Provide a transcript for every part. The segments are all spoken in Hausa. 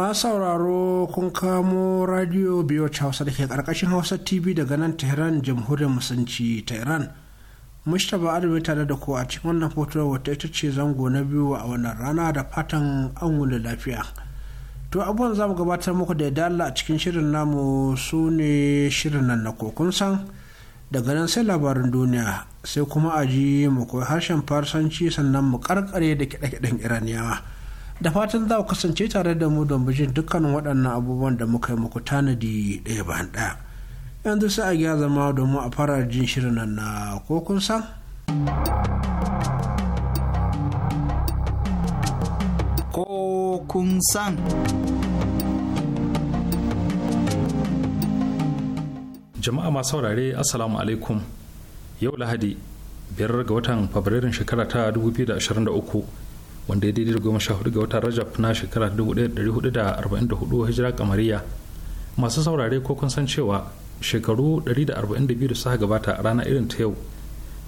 masu sauraro kun kamo radio biyu hausa da ke karkashin hausa tv daga nan tehran jamhuriyar musulunci ta iran mustapha adamu tare da ku a cikin wannan hoto wata ita ce zango na biyu a wannan rana da fatan an wuli lafiya to abubuwan za mu gabatar muku da dala a cikin shirin namu su ne shirin nan na kokun san daga nan sai labarin duniya sai kuma a ji mu koyi harshen farsanci sannan mu karkare da kiɗe-kiɗen iraniyawa da fatan za ku kasance tare da mu don bijin dukkanin waɗannan abubuwan da muka yi muku tanadi ɗaya bayan ɗaya yanzu sai a gya zama mu a fara jin shirin nan na ko kun san ko kun san jama'a masu saurare assalamu alaikum yau lahadi biyar ga watan fabrairun shekara ta 2023 wanda ya daidai da goma sha hudu ga watan rajab na shekara 1444 hijira kamariya masu saurare ko kun san cewa shekaru 142 da suka gabata a rana irin ta yau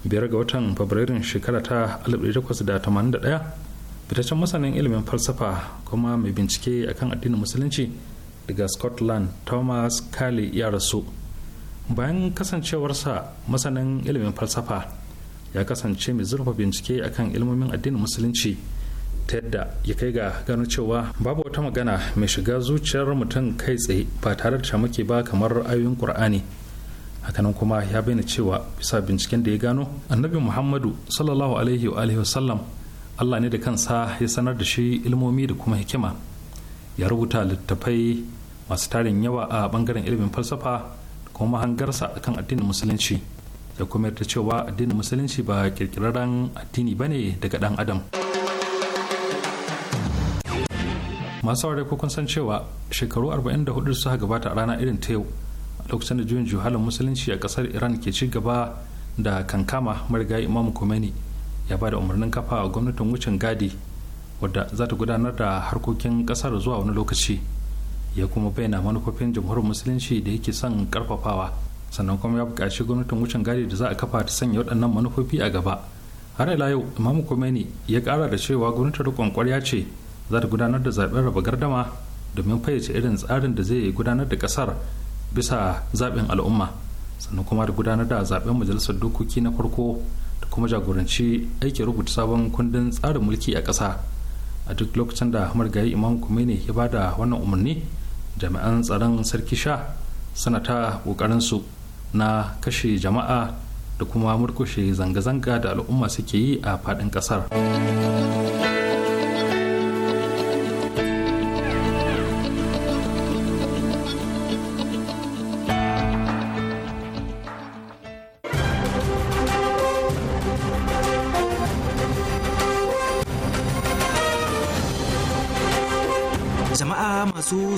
biyar ga watan fabrairun shekara ta 1881 fitaccen masanin ilimin falsafa kuma mai bincike akan addinin musulunci daga scotland thomas kale ya rasu bayan kasancewarsa masanin ilimin falsafa ya kasance mai zurfa bincike akan ilmomin addinin musulunci ta yadda ya kai ga gano cewa babu wata magana mai shiga zuciyar mutum kai tsaye ba tare da shamaki ba kamar ayoyin qur'ani hakanan kuma ya bayyana cewa bisa binciken da ya gano annabi muhammadu sallallahu alaihi wa alihi wasallam allah ne da kansa ya sanar da shi ilmomi da kuma hikima ya rubuta littattafai masu tarin yawa a bangaren ilimin falsafa kuma hangarsa akan addinin musulunci ya kuma yarda cewa addinin musulunci ba kirkirarren addini bane daga dan adam. masu aure ko kun san cewa shekaru 44 suka gabata a rana irin ta yau lokacin da juyin juhalin musulunci a kasar iran ke ci gaba da kankama marigayi imam kumeni ya ba da umarnin kafa a gwamnatin wucin gadi wadda za ta gudanar da harkokin kasar zuwa wani lokaci ya kuma bayyana manufofin jamhuriyar musulunci da yake son karfafawa sannan kuma ya buƙaci gwamnatin wucin gadi da za a kafa ta sanya waɗannan manufofi a gaba har ila yau imam kumeni ya ƙara da cewa gwamnatin riƙon ƙwarya ce za ta gudanar da zaben raba gardama domin fayyace irin tsarin da zai gudanar da kasar bisa zaben al'umma sannan kuma da gudanar da zaben majalisar dokoki na farko da kuma jagoranci aiki rubuta sabon kundin tsarin mulki a ƙasa a duk lokacin da marigayi imam kumene ya ba da wannan umarni jami'an tsaron sarki sha suna ta su na kashe jama'a da kuma murkushe zanga-zanga da al'umma suke yi a faɗin ƙasar.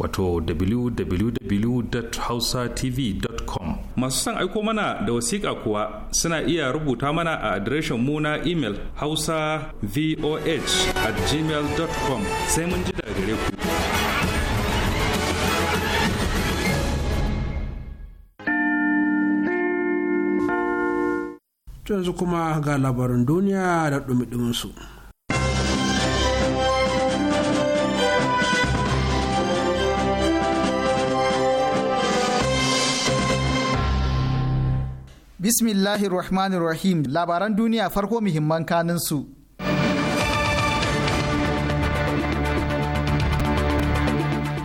wato www.hausatv.com masu son aiko mana da wasiƙa kuwa suna iya rubuta mana a adireshin mu na imel hausa voh at gmail.com sai mun ji daga gare ku yanzu kuma ga labarin duniya da ɗumi su. Bismillahir Rahmanir Rahim labaran duniya farko muhimman kanin su.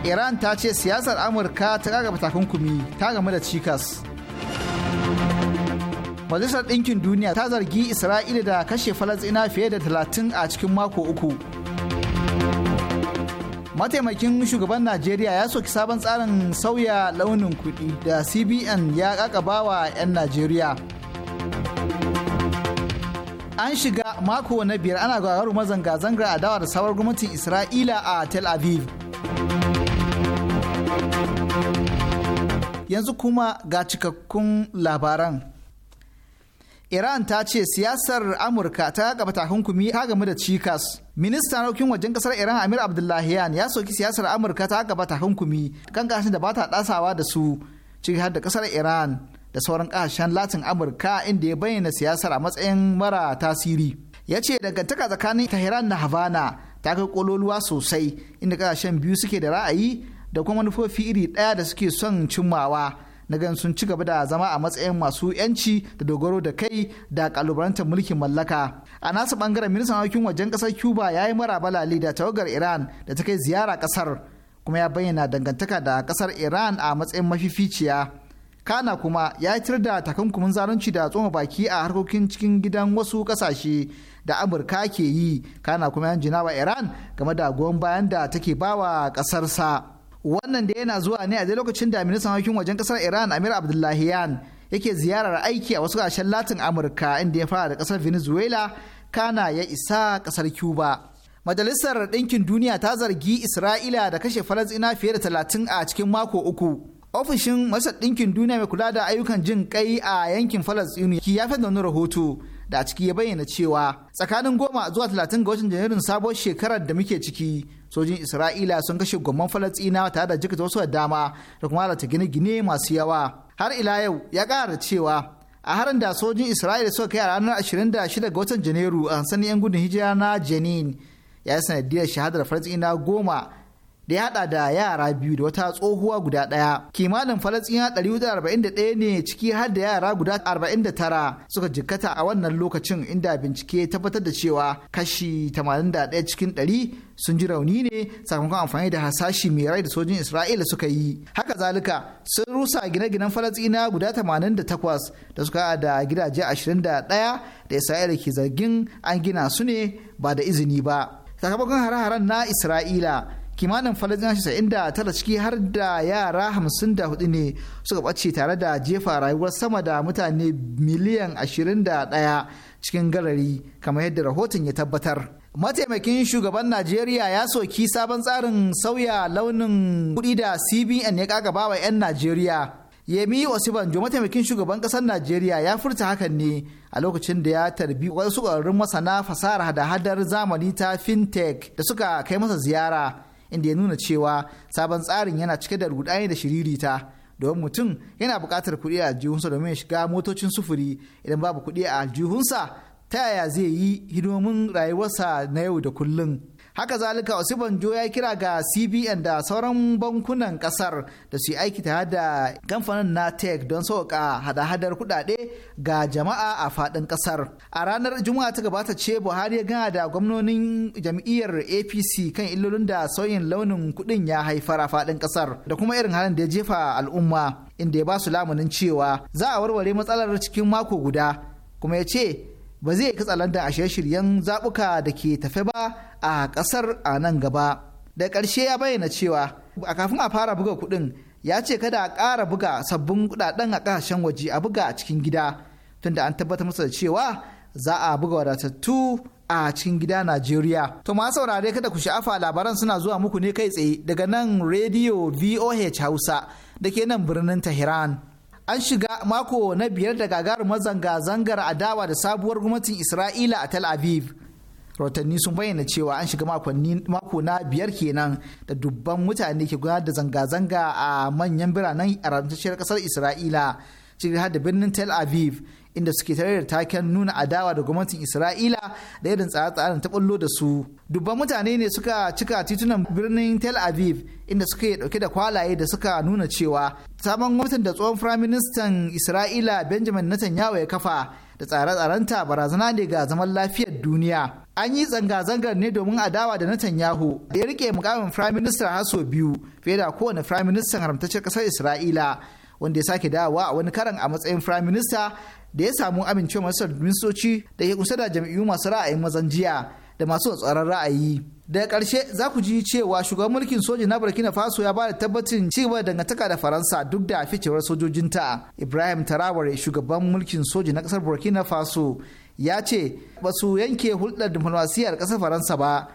Iran ta ce siyasar Amurka ta gagaba takunkumi ta gamu da cikas. Majalisar Ɗinkin Duniya ta zargi Isra'ila da kashe Falasɗina fiye da talatin a cikin mako uku. mataimakin shugaban najeriya ya soki sabon tsarin sauya launin kuɗi da cbn ya kakaba wa 'yan najeriya an shiga mako na biyar ana gagarumar zanga-zangar adawa da sabuwar gwamnatin isra'ila a tel aviv yanzu kuma ga cikakkun labaran Iran ta ce siyasar Amurka ta gaba takunkumi ta game da cikas. Ministan harkokin wajen kasar Iran Amir Abdullahian ya soki siyasar Amurka ta gaba takunkumi kan kasashen da ba ta dasawa da su ciki har da kasar Iran da sauran kasashen Latin Amurka inda ya bayyana siyasar a matsayin mara tasiri. Ya ce dangantaka tsakanin Tehran da Havana ta kai kololuwa sosai inda kasashen biyu suke da ra'ayi da kuma manufofi iri ɗaya da suke son cimmawa. na gan sun ci gaba da zama a matsayin masu yanci da dogaro da kai da kalubalantar mulkin mallaka a nasu bangaren ministan harkokin wajen kasar cuba ya yi mara balali da tawagar iran da ta kai ziyara kasar kuma ya bayyana dangantaka da kasar iran a matsayin mafificiya kana kuma ya tir da takunkumin zalunci da tsoma baki a harkokin cikin gidan wasu kasashe da amurka ke yi kana kuma yan jinawa iran game da goyon bayan da take bawa kasarsa. wannan da yana zuwa ne a dai lokacin da ministan harkokin wajen kasar iran amir abdullahiyan yake ziyarar aiki a wasu ƙasashen latin amurka inda ya fara da kasar venezuela kana ya isa kasar cuba majalisar ɗinkin duniya ta zargi isra'ila da kashe falasina fiye da talatin a cikin mako uku ofishin masar ɗinkin duniya mai kula da ayyukan jin kai a yankin falasɗinu ya fi da rahoto da a ciki ya bayyana cewa tsakanin goma zuwa talatin ga watan janairun sabuwar shekarar da muke ciki sojin isra'ila sun kashe gwamman falastinawa tare da jikata wasu da dama da kuma lalata gine-gine masu yawa har ila yau ya kara cewa a harin da sojin isra'ila suka kai a ranar 26 ga watan janairu a sansanin 'yan gudun hijira na Janin ya yi sanadiyar shahadar falastinawa goma da ya da yara biyu da wata tsohuwa guda ɗaya. Kimanin Falasɗina 141 ne ciki har da yara guda 49 suka jikkata a wannan lokacin inda bincike tabbatar da cewa kashi 81 cikin 100 sun ji rauni ne sakamakon amfani da hasashi mai rai da sojin Isra'ila suka yi. Haka zalika sun rusa gine-ginen Falasɗina guda 88 da suka da gidaje 21 da Isra'ila ke zargin an gina su ne ba da izini ba. Sakamakon hare-haren na Isra'ila kimanin da tara ciki har da yara hamsin da hudu ne suka ɓace tare da jefa rayuwar sama da mutane miliyan ashirin da ɗaya cikin garari kamar yadda rahoton ya tabbatar. Mataimakin shugaban Najeriya ya soki sabon tsarin sauya launin kuɗi da CBN ya kagaba wa 'yan Najeriya. Yemi Osibanjo mataimakin shugaban ƙasar Najeriya ya furta hakan ne a lokacin da ya tarbi wasu ƙwararrun masana fasahar hada-hadar zamani ta fintech da suka kai masa ziyara. inda ya nuna cewa sabon tsarin yana cike da rudani da shiririta domin mutum yana buƙatar kuɗi a aljihunsa domin ya shiga motocin sufuri idan babu kuɗi a aljihunsa ta yaya zai yi hidimomin rayuwarsa na yau da kullum. haka zalika jo ya kira ga cbn da sauran bankunan kasar da su yi aiki ta da kamfanin natek don sauƙa hada-hadar kudade ga jama'a a faɗin kasar a ranar juma'a ta gabata ce buhari ya gana da gwamnonin jam'iyyar apc kan illolin da sauyin launin kuɗin ya haifar a faɗin kasar da kuma irin halin da ya jefa al'umma inda ya ba su lamunin cewa za a warware matsalar cikin mako guda kuma ya ce ba zai katsalanta a shirye-shiryen zabuka da ke tafe ba a ƙasar a nan gaba. Da ƙarshe ya bayyana cewa a kafin a fara buga kuɗin ya ce kada a ƙara buga sabbin kuɗaɗen a ƙasashen waje a buga a cikin gida tunda an tabbatar masa da cewa za a buga wadatattu a cikin gida Najeriya. To ma saurare kada ku sha'afa labaran suna zuwa muku ne kai tsaye daga nan Radio VOH Hausa da ke nan birnin Tehran. an shiga mako na biyar da gagarumar zanga-zangar adawa da sabuwar gwamnatin isra'ila a tel aviv rahotanni sun bayyana cewa an shiga mako na biyar kenan da dubban mutane ke gudanar da zanga-zanga a manyan biranen a ƙasar isra'ila ciki har da birnin tel aviv inda suke tare taken nuna adawa da gwamnatin isra'ila da irin tsare-tsaren ta bullo da su dubban mutane ne suka cika titunan birnin tel aviv inda suke dauke da kwalaye da suka nuna cewa sabon gwamnatin da tsohon firaministan isra'ila benjamin netanyahu ya kafa da tsare-tsarenta barazana ne ga zaman lafiyar duniya an yi zanga-zangar ne domin adawa da Netanyahu da ya rike mukamin firaministan haso biyu fiye da kowane firaministan haramtaccen kasar isra'ila wanda ya sake dawowa a wani karan a matsayin firaminista da ya samu amincewar masar ministoci da ke kusa da jam'iyyu masu ra'ayin mazan jiya da masu tsaron ra'ayi. Daga ƙarshe za ku ji cewa shugaban mulkin soji na Burkina Faso ya bada tabbacin ci gaba da dangantaka da Faransa duk da ficewar sojojinta. Ibrahim Taraware shugaban mulkin soji na ƙasar Burkina Faso ya ce ba su yanke hulɗar diflomasiyyar ƙasar Faransa ba.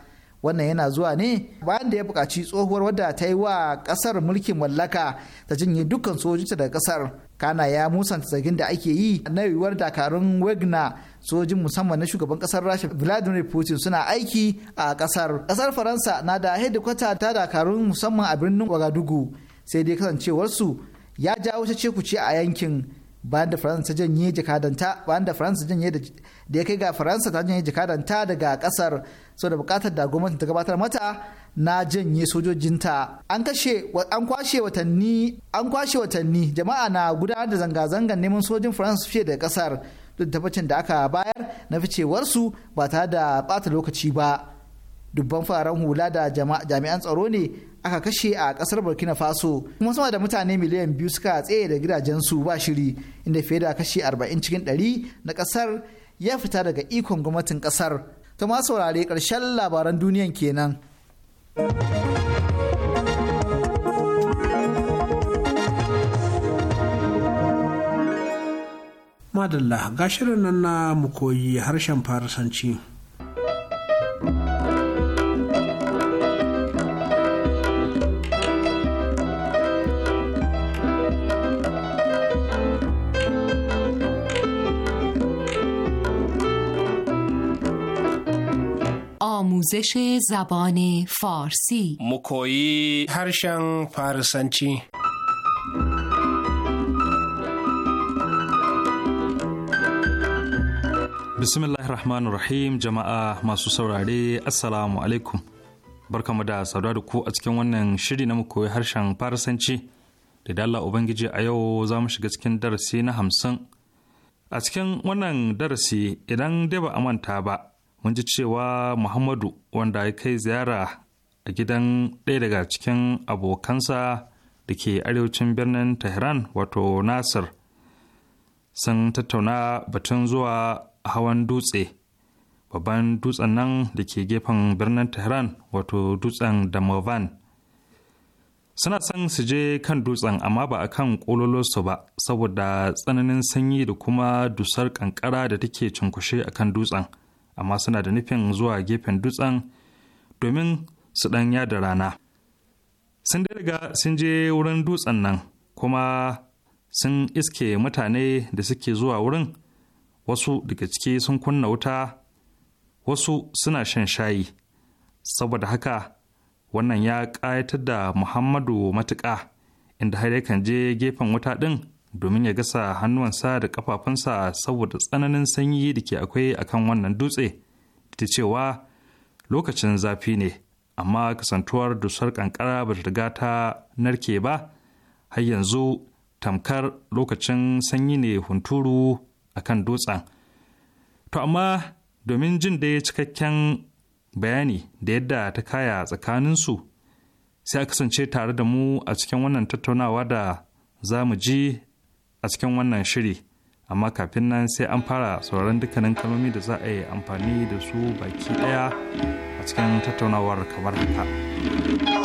wannan yana zuwa ne bayan da ya buƙaci tsohuwar wadda ta yi wa ƙasar mulkin mallaka ta jinye dukkan sojojinta daga ƙasar kana ya musanta zargin da ake yi na yiwuwar dakarun wagner sojin musamman na shugaban kasar rasha vladimir putin suna aiki a kasar kasar faransa na da hedikwata ta dakarun musamman a birnin wagadugu sai dai kasancewarsu ya jawo ta ce a yankin bayan da faransa janye jakadanta bayan da faransa janye da ya kai ga faransa ta janye jakadanta daga kasar so da bukatar da gwamnati ta gabatar mata na janye sojojinta an kashe an kwashe watanni an kwashe watanni jama'a na gudanar da zanga-zangar neman sojin faransa fiye da kasar duk da tabbacin da aka bayar na ficewarsu ba tare da bata lokaci ba dubban fararen hula da jami'an tsaro ne aka kashe a kasar burkina faso kuma sama da mutane miliyan biyu suka tsaye da gidajen su ba shiri inda fiye da kashe arba'in cikin ɗari na kasar ya fita daga ikon gwamnatin kasar ta ma saurare karshen labaran duniyan kenan. madalla gashirin nan na mu koyi harshen farisanci آموزش زبان فارسی مکویی هرشن فارسنچی بسم الله الرحمن الرحيم masu saurare asalamu alaikum barkamu da saduwa da ku a cikin wannan shiri na koyi harshen farisanci da dalla ubangiji a yau za mu shiga cikin darasi na hamsin a cikin wannan darasi idan dai ba a manta ba mun ji cewa muhammadu wanda ya kai ziyara a gidan ɗaya daga cikin abokansa da ke arewacin birnin tehran wato nasir sun tattauna batun zuwa hawan dutse babban dutsen nan da ke gefen birnin tehran wato dutsen damavan suna san su je kan dutsen amma ba a kan su ba saboda tsananin sanyi da kuma dusar ƙanƙara da take cunkushe a kan dutsen amma suna da nufin zuwa gefen dutsen domin su ɗan yada rana sun dai daga sun je wurin dutsen nan kuma sun iske mutane da suke zuwa wurin wasu daga ciki sun kunna wuta wasu suna shan shayi saboda haka wannan ya ƙayatar da muhammadu matuƙa inda har yakan je gefen wuta ɗin domin ya gasa hannuwansa da kafafunsa saboda tsananin sanyi da ke akwai akan wannan dutse ta cewa lokacin zafi ne amma kasantuwar dusar kankara ba ta riga ta narke ba har yanzu tamkar lokacin sanyi ne hunturu akan dutsen to amma domin jin da cikakken bayani da yadda ta kaya tsakaninsu sai a kasance tare da mu a cikin wannan tattaunawa da za mu ji a cikin wannan shiri amma kafin nan sai an fara sauran dukkanin kalmomi da za a yi amfani da su baki ɗaya a cikin tattaunawar kamar haka.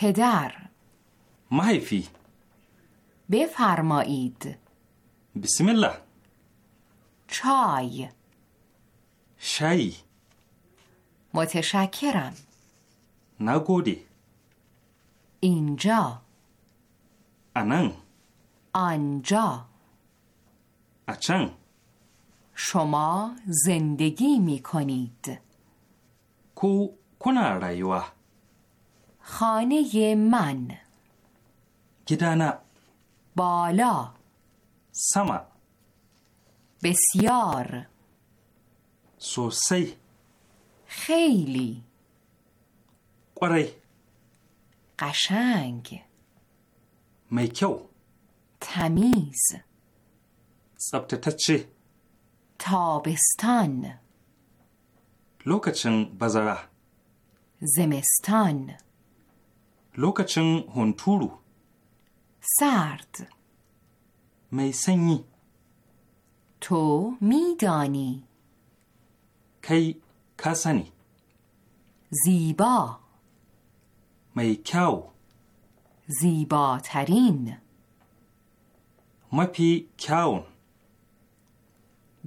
پدر محیفی بفرمایید بسم الله چای شایی متشکرم نگودی اینجا انن آنجا اچن شما زندگی می کنید کو کنا رایوا خانه من گدانا بالا سما بسیار سوسی خیلی قرای قشنگ میکو تمیز سبت تابستان لوکچن بزره زمستان لوکچن هونتورو سرد میسنی تو میدانی کی کسنی زیبا میکاو زیباترین مپی کاون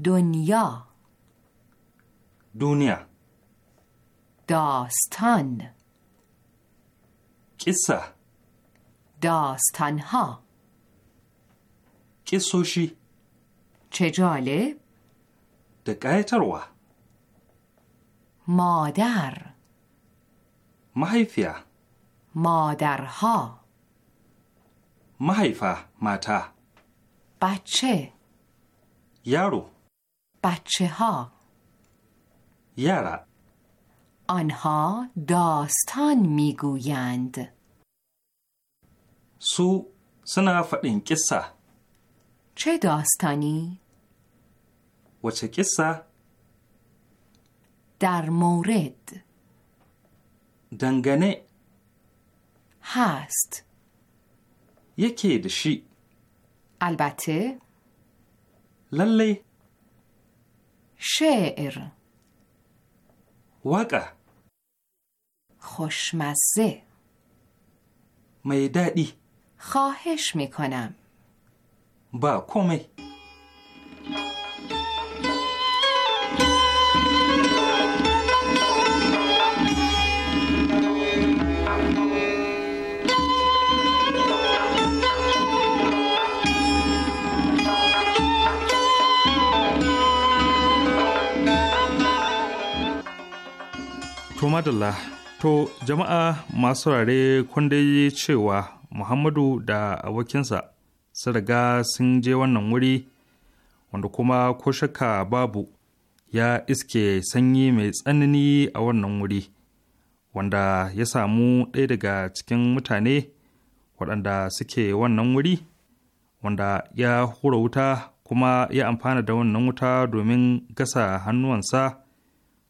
دنیا دنیا داستان قصه داستانها قصوشی چه جالب دقایتروا مادر محیفیه مادرها محیفه ماتا بچه یارو بچه ها یارا آنها داستان میگویند سو سنا فدین قصه چه داستانی؟ و چه قصه؟ در مورد دنگنه هست یکی دشی البته للی شعر وگه خوشمزه میدادی خواهش میکنم با کمی To madalla, to jama'a masu rare dai cewa Muhammadu da abokinsa sun riga sun je wannan wuri wanda kuma ko shakka babu ya iske sanyi mai tsanani a wannan wuri wanda ya samu ɗaya daga cikin mutane waɗanda suke wannan wuri wanda ya hura wuta kuma ya amfana da wannan wuta domin gasa hannuwansa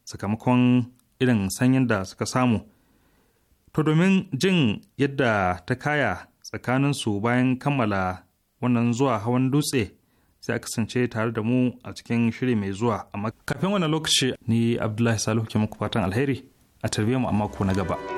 sakamakon irin sanyin da suka samu to domin jin yadda ta kaya tsakanin su bayan kammala wannan zuwa hawan dutse sai a kasance tare da mu a cikin shiri mai zuwa amma kafin wani lokaci ni abdullahi salihu ke muku fatan alheri a tarbiyyar mu a mako na gaba.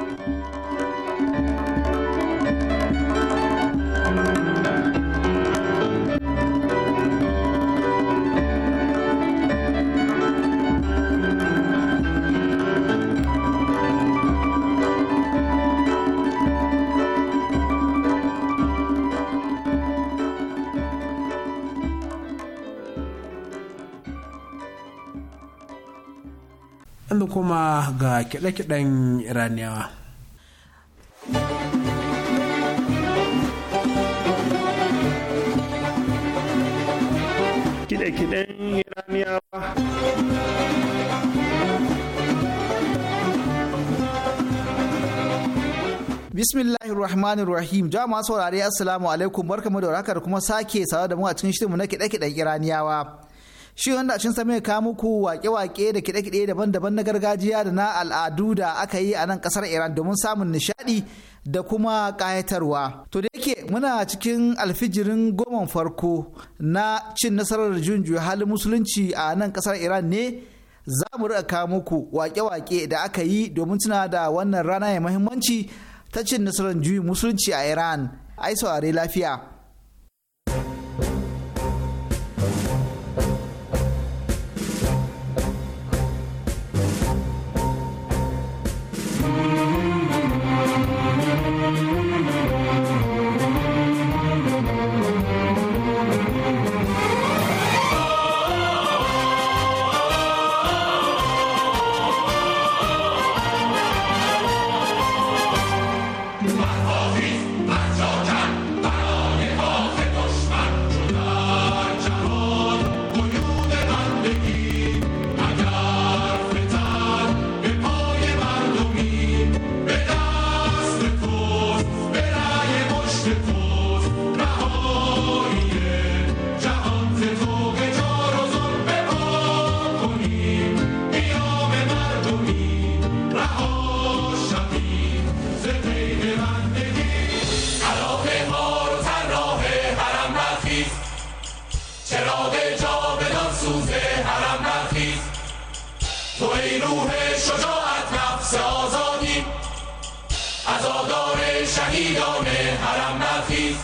ga kiɗe-kiɗen iraniyawa kiɗe-kiɗen iraniyawa Bismillahir Rahmanir Rahim. Jama'a saurare Assalamu alaikum barkamu da warhaka da kuma sake saurare da mu a cikin shirinmu na kiɗe-kiɗen Iraniyawa. shi wanda cin same ka muku wake-wake da kide-kide daban-daban na gargajiya da na al'adu da aka yi a nan kasar Iran domin samun nishadi da kuma kayatarwa. To da yake muna cikin alfijirin goman farko na cin nasarar junjuya halin musulunci a nan kasar Iran ne za mu rika muku wake-wake da aka yi domin tuna da wannan rana mai muhimmanci ta cin nasarar juyin musulunci a Iran. Ai saurare lafiya. تو ای روح شجاعت نفس آزادی عزادار شهیدان حرم برخیز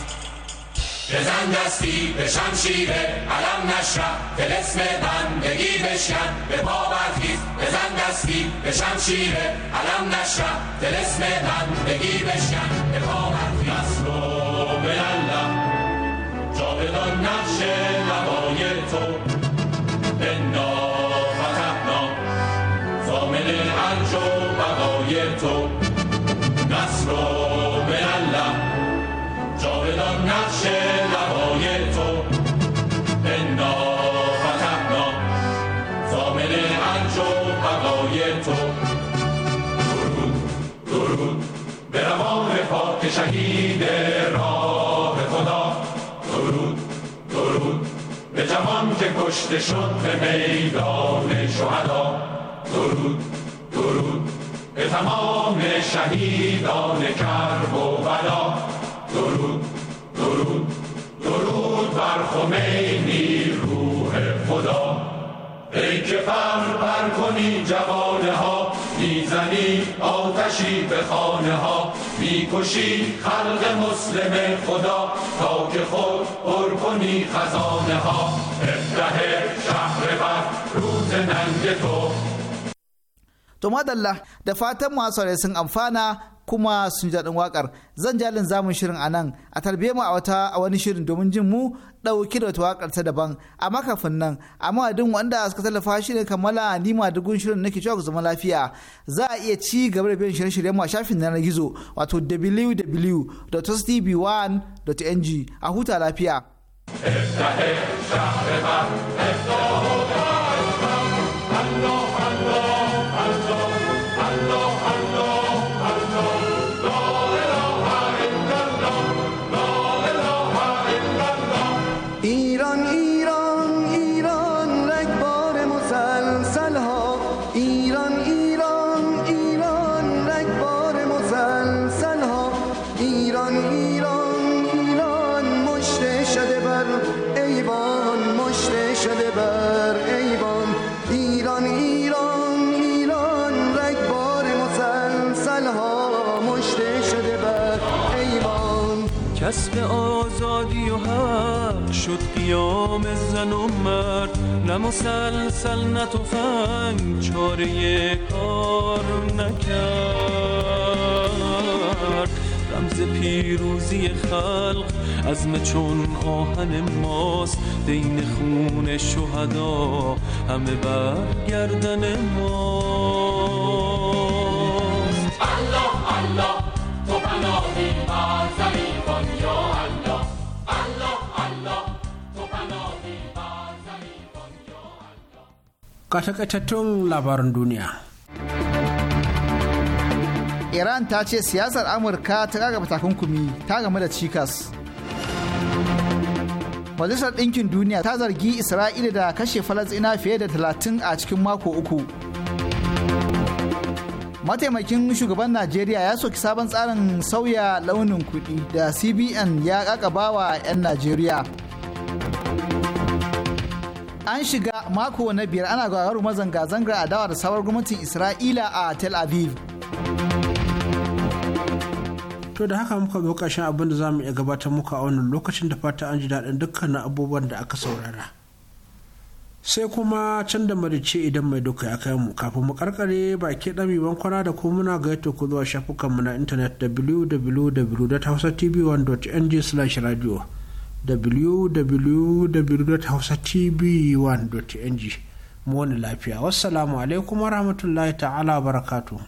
بزن دستی به شمشیر علم دل اسم بندگی بشکن به پا برخیز بزن دستی به شمشیر علم دل اسم بندگی بشکن به پا برخیز و بلالله جاودان نقش هوای تو تو به الله جاودان نقش لبای تو انا فتحنا زامن هنج و بقای تو درود درود به روان پاک شهید راه خدا درود درود به جوان که کشته شد به میدان شهدا درود درود تمام شهیدان کرب و بلا درود درود درود بر خمینی روح خدا ای که فر بر کنی جوانه ها میزنی آتشی به خانه ها میکشی خلق مسلم خدا تا که خود پر کنی خزانه ها افتحه شهر بر روز ننگ تو to madalla da fatan masu sun amfana kuma sun ji daɗin waƙar zan jalin zamun shirin a nan a tarbiyyar mu a wata a wani shirin domin jin mu ɗauki da wata waƙar ta daban a kafin nan amma duk wanda suka tallafa shi ne kammala nima dugun shirin nake cewa ku zama lafiya za a iya ci gaba da biyan shirye-shiryen mu a shafin na gizo wato www.tv1.ng a huta lafiya. مسلسل نه چاره کار نکرد رمز پیروزی خلق از چون آهن ماست دین خون شهدا همه برگردن ماست الله الله تو پناهی ga labaran duniya. Iran ta ce siyasar Amurka ta gagaba takunkumi ta game da cikas. Majalisar Ɗinkin Duniya ta zargi Isra'ila da kashe Falasɗina fiye da talatin a cikin mako uku. Mataimakin shugaban Najeriya ya soki sabon tsarin sauya launin kuɗi da CBN ya bawa 'yan Najeriya. an shiga mako na biyar ana gagarumar zanga-zangar adawa da sabuwar gwamnatin isra'ila a tel aviv to da haka muka zo ƙarshen abin da zamu iya gabatar muka a wannan lokacin da fata an ji daɗin dukkanin abubuwan da aka saurara sai kuma can da marice idan mai duka ya kai mu kafin mu karkare baki ɗami bankwana da kuma muna ga ku zuwa shafukanmu na intanet www.hausatv1.ng/radio www.hausatv1.ng mu wani lafiya wassalamu alaikum wa warahmatullahi ta'ala barakatuhu